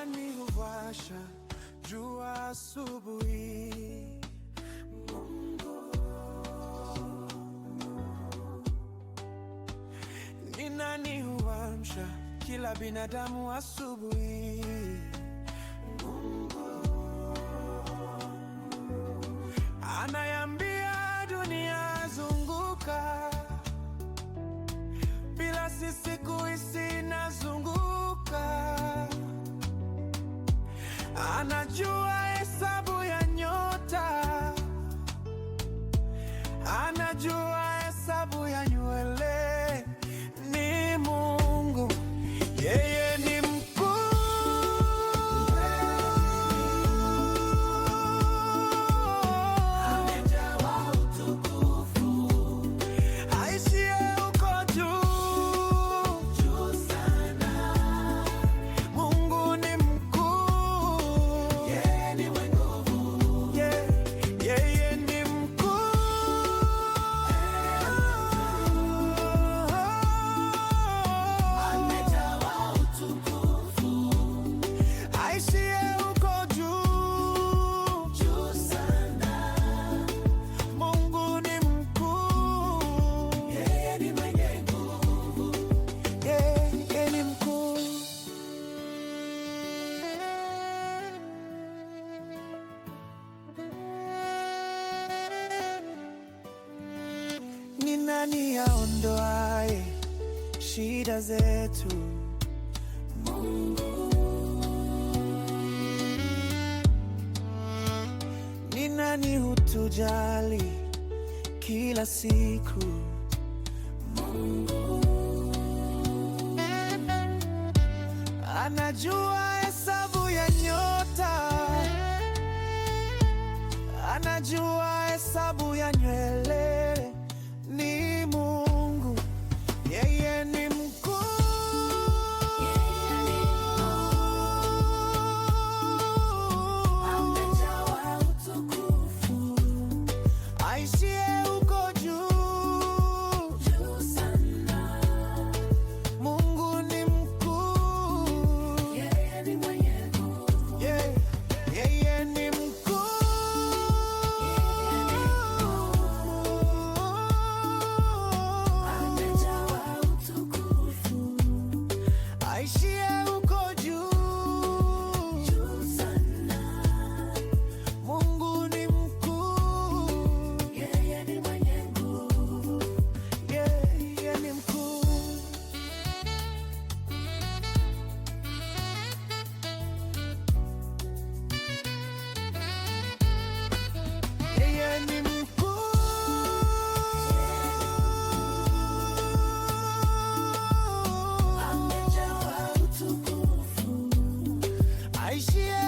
Duniani huwasha jua asubuhi. Mungu, ni nani huamsha kila binadamu asubuhi? Mungu anayambia dunia zunguka, bila sisi kuisi anajua hesabu nani aondoaye shida zetu? Mungu. Ni nani hutujali kila siku? Mungu. Anajua hesabu ya nyota, anajua hesabu ya nywele I see.